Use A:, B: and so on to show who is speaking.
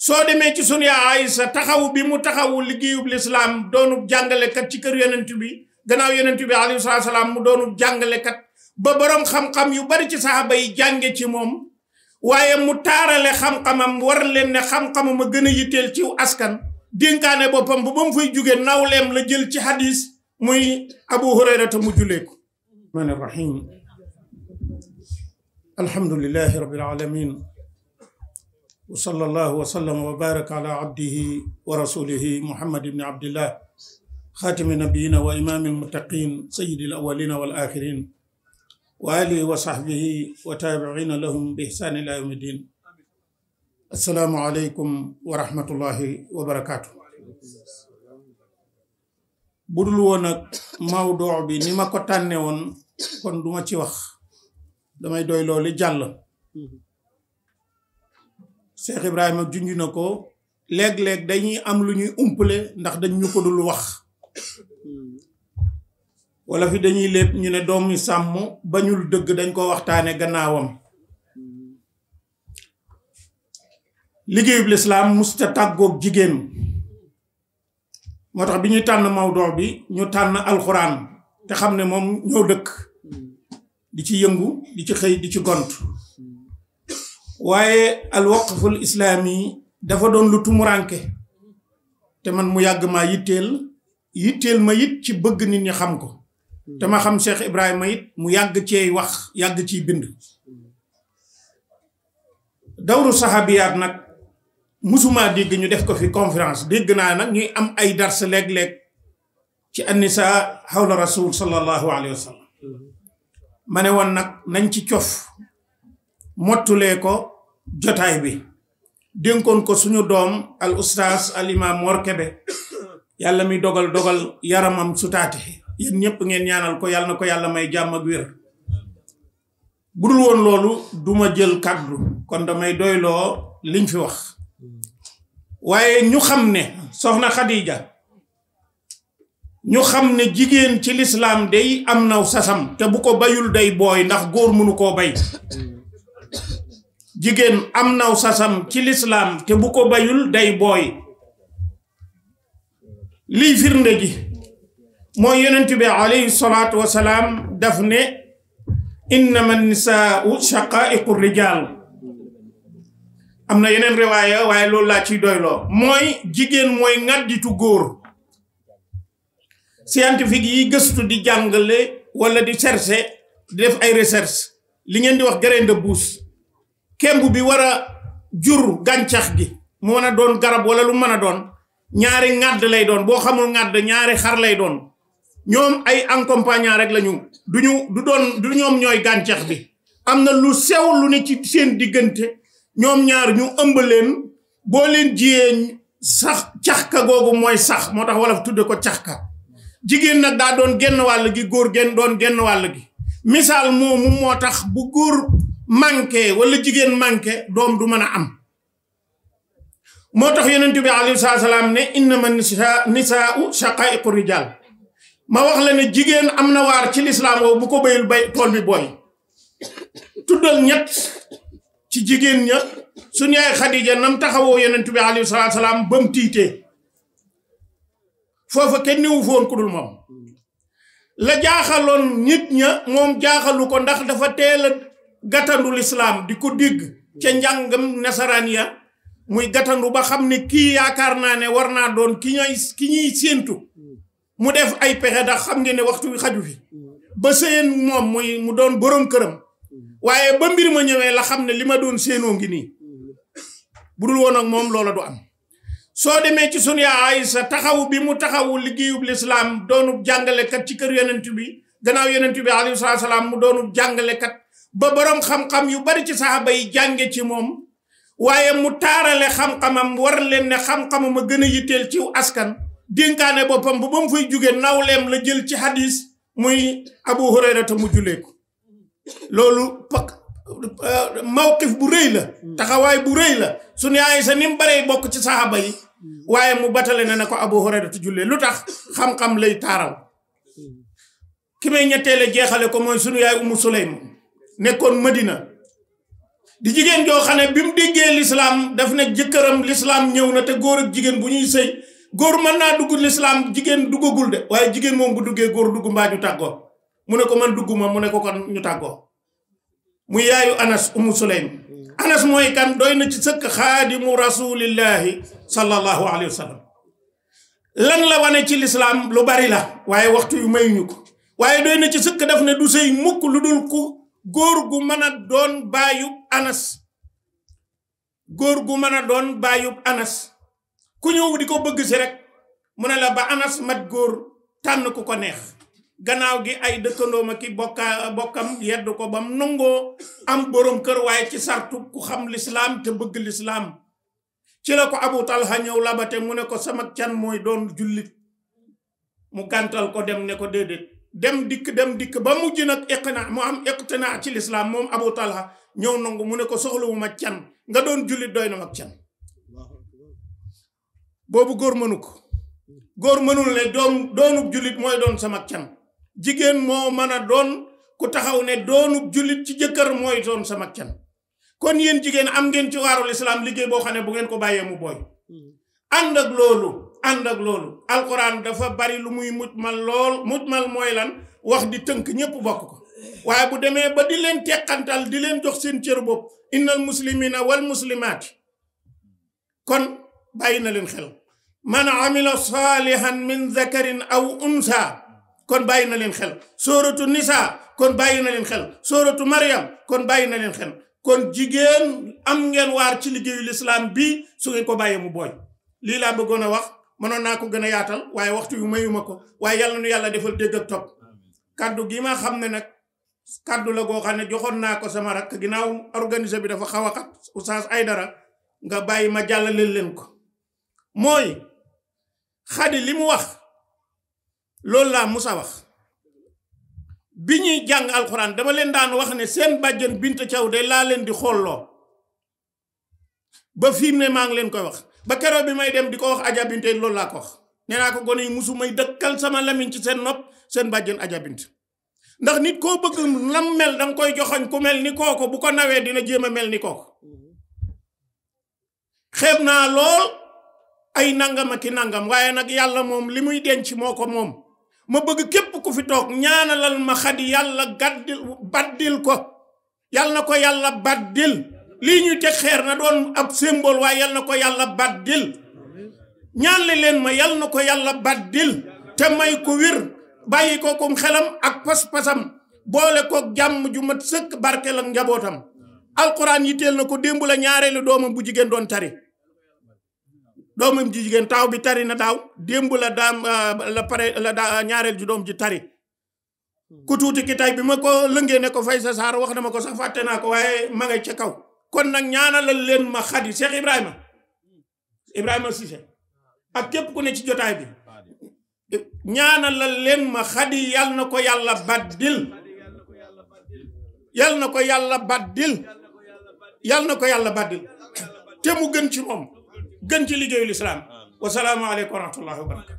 A: soo demee ci sunu yaa Aysa taxaw bi mu taxawu liggéeyub lislaam doonub jàngalekat ci kër yonent bi ganaaw yonent bi alayhi salaam mu doonu doonub jàngalekat ba boroom xam-xam yu bari ci saxaaba bay jànge ci moom waaye mu taarale xam-xamam war leen ne xam-xamam a gën a yitteel ci askan dénkaane boppam ba ba mu fay jóge nawleem la jël ci hadis muy abu hurayrata mu juleeku rahmaani rahim alhamdulillahi rabbil alamin wa sallallahu wa sallama wa baraka ala abdihi wa rasulihi muhammad ibni abdillah xaatimi nabiyina wa imaami almuttaqin sayidi al awalina wal axirin wa alihi wa saxbihi wa taabiina lahum bi ihsaan ila yawmi din asalaamu aleykum wa rahmatullahi wa barakaatu budul woon nag mawduu bi ni ma ko tànne woon kon duma ci wax damay doy loolu jàll Cheikh Ibrahima junj na ko léeg-léeg dañuy am lu ñuy umpale ndax dañ ñu ko dul wax wala fi dañuy lépp ñu ne doomi sàmm bañul dëgg dañ koo waxtaane gannaawam liggéeyub lislaam musta tàggoog jigéen moo tax bi ñuy tànn mawdoo bi ñu tànn alxuraan te xam ne moom ñoo dëkk di ci yëngu di ci xëy di ci gont waaye alwaqful islaami dafa doon lu tumuraanke te man mu yàgg ma yitteel yitteel ma it ci bëgg nit ñi xam ko te ma xam Cheikh Ibrahima it mu yàgg ciy wax yàgg ciy bind dawru saxaabiyaat nag musuma dégg ñu def ko fi confirence dégg naa nag ñuy am ay dars léeg-léeg ci annisa xawla rasul sallallahu alayhi wa sallam ma ne woon nag nañ ci cof mottule ko jotaay bi dénkoon ko suñu doom al oustaz al imam Mor yàlla mi dogal dogal yaramam sutaati yéen ñëpp ngeen ñaanal ko yàlla na ko yàlla may jàmm ak wér bu dul woon loolu duma jël kàddu kon damay doyloo liñ fi wax waaye ñu xam ne soxna Khadija ñu xam ne jigéen ci lislaam day am naw sasam te bu ko bayul day booy ndax góor mënu koo bay jigéen am naw sasam ci lislaam te bu ko bayul day booy liy firnde ji mooy yonent bi alayhi salaatu salaam daf ne innama nisaau shaqaiqu rijal am na yeneen riwaaya waaye loolu laa ci doyloo mooy jigéen mooy ŋàdditu góor scientifique yi gëstu di jàngale wala di chercher di def ay recherche li ngeen di wax grain de kemb bi war a jur gàncax gi mu mën doon garab wala lu mën a doon ñaari ŋàdd lay doon boo xamul ŋàdd ñaari xar lay doon ñoom ay accompagnant rek lañu du ñu du doon du ñoom ñooy gàncax gi am na lu sew lu ne ci seen diggante ñoom ñaar ñu ëmb leen boo leen jiyee sax caxka googu mooy sax moo tax wolof tudde ko caxka jigéen nag daa doon genn wàll gi góor genn doon genn wàll gi misaal moomu moo tax bu góor manqué wala jigéen manqué doom du mën a am moo tax yeneen bi alayhi salaam ne innama nisaau shaqaiqu rijal ma wax la ne jigéen am na waar ci lislaam woowu bu ko béyul bay tool bi booy tuddal ñett ci jigéen ña su yaay Xadija nam taxawoo yonent bi alayhi salaam ba mu tiitee foofa kenn niwu foon ku moom la jaaxaloon nit ña moom jaaxalu ko ndax dafa teel gatandu lislaam di ko dégg ca njàngam nasaraan ya muy gatandu ba xam ne kii yaakaar naa ne war naa doon ki ñooy ki ñuy séentu mu def ay pexe ndax xam ngeen ne waxtu bi xaju fi ba sëyeen moom muy mu doon borom këram waaye ba mbir ma ñëwee la xam ne li ma doon séenoo ngi nii bu dul woon ak moom loola du am soo demee ci sunu sa taxaw bi mu taxawu liggéeyub lislaam doonub jàngalekat ci kër yonent bi gannaaw yonent bi alayhi salaam mu doonub jàngalekat ba boroom xam-xam yu bari ci saxaaba yi jànge ci moom waaye mu taarale xam-xamam war leen ne xam-xamam a gën a yitteel ciw askan dénkaane boppam bu ba mu fay jóge nawleem la jël ci hadis muy abu hurayrata mu julee ko loolu euh, mawqif bu rëy la taxawaay bu rëy la su suñu Aysa ni mu baree bokk ci saxaaba yi waaye mu batale na ne ko abu hurayrata jule lu tax xam-xam lay taaraw ki may ñetteele jeexale ko mooy sunu yaay umu sulaym nekkoon Madina di jigéen joo xam ne bi mu déggee lislaam daf ne jëkkëram lislaam ñëw na te góor ak jigéen bu ñuy sëy góor mën naa dugg lislaam jigéen duggagul de waaye jigéen moom bu duggee góor dugg mbaa ñu tàggoo mu ne ko man dugguma mu ne ko ko ñu tàggoo mu yaayu anas umu sulaym anas mooy kan doy na ci sëkk xaadimu rasulillahi sallallahu alayhi wa sallam lan la wane ci lislaam lu bari la waaye waxtu yu mayuñu ko waaye doy na ci sëkk daf ne du sëy lu dul góor gu mën a doon baayub anas góor gu mën a doon baayub anas ku ñëw di ko bëgg si rek mu ne la ba anas mat góor tànn ku ko neex gannaaw gi ay dëkkandooma ki bokka bokkam yedd ko bam nangoo am borom kër waaye ci sartu ku xam lislaam te bëgg lislaam ci la ko abu talha ñëw labate mu ne ko sama can mooy doon jullit mu gàntal ko dem ne ko déedéet dem dikk dem dikk ba mu mujj nag iqna mu am iqtina ci lislaam moom Abu Talha ñëw nangu mu ne ko soxlawu ma can nga doon jullit doy na mag can boobu góor mënu ko góor mënul ne doon doonu jullit mooy doon sama can jigéen moo mën a doon ku taxaw ne doonu jullit ci jëkkër mooy doon sama can kon yéen jigéen am ngeen ci waarul islaam liggéey boo xam ne bu ngeen ko bàyyee mu booy hmm. ànd ak loolu ànd ak loolu alquran dafa bari lu muy mujmal lool mal mooy lan wax di tënk ñépp bokk ko waaye bu demee ba di leen teqantal di leen jox seen cër bopp innal muslimina wal muslimaati kon bàyyi na leen xel man amila saalihan min zakarin aw unsa kon bàyyi na leen xel sóoratu nisa kon bàyyi na leen xel sóoratu mariam kon bàyyi na leen xel kon jigéen am ngeen waar ci liggéeyu lislaam bi su ngeen ko bàyyee mu booy lii laa bëggoon a wax mënoon naa ko gën a yaatal waaye waxtu yu mayuma ko waaye yàlla nu yàlla defal dégg ak topp kàddu gi ma xam ne nag kàddu la goo xam ne joxoon naa ko sama rakk ginnaaw organise bi dafa xaw a xat Oustaz Aidara nga bàyyi ma jàllale leen leen ko mooy xadi li mu wax loolu laa musa wax bi ñuy jàng alxuraan dama leen daan wax ne seen bàjjen Binta Thiaw de laa leen di xool xoolloo ba fi mu ne maa ngi leen koy wax ba keroog bi may dem di ko wax Adja Binte loolu laa ko wax nee naa ko gone yi musu may dëkkal sama lamiñ ci seen nopp seen bàjjen Adja Binte ndax nit koo bëgg lam mel danga koy joxoñ ku mel ni kooku bu ko nawee dina jéem a mel ni kooku xeeb naa lool ay nangama ak nangam waaye nag yàlla moom li muy denc moo ko moom ma bëgg képp ku fi toog ñaanalal ma xadd yàlla gàddil baddil ko yàlla na ko yàlla baddil lii ñuy teg xeer na doon ab symbole waaye yal na ko yàlla baddil ñaanle leen ma yal na ko yàlla baddil te may ko wér bàyyi ko kum xelam ak pas-pasam boole ko jàmm ju mat sëkk barkeel ak njabootam alquran yitteel na ko démb la ñaareelu doomam bu jigéen doon tari doomam ji taaw bi tari na daaw démb la daam ah, la pare la daa ñaareel ju doom ji tari ku tuuti ki tay bi ma ko lëngee ne ko fay sa wax na ma ko sax fàtte naa ko waaye ma ngay kaw kon nag ñaana la leen ma xadi Cheikh Ibrahima Ibrahima Cissé ak képp ku ne ci jotaay bi la leen ma xadi yal na ko yàlla baddil yal na ko yàlla baddil yal na ko yàlla baddil te mu gën ci moom gën ci liggéeyu lislaam wasalaamu aleykum wa rahmatullahi wa barakatu